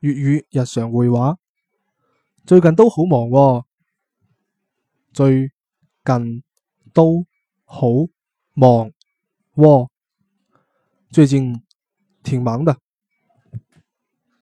粵語日常會話，最近都好忙喎，最近都好忙喎，最近挺忙的。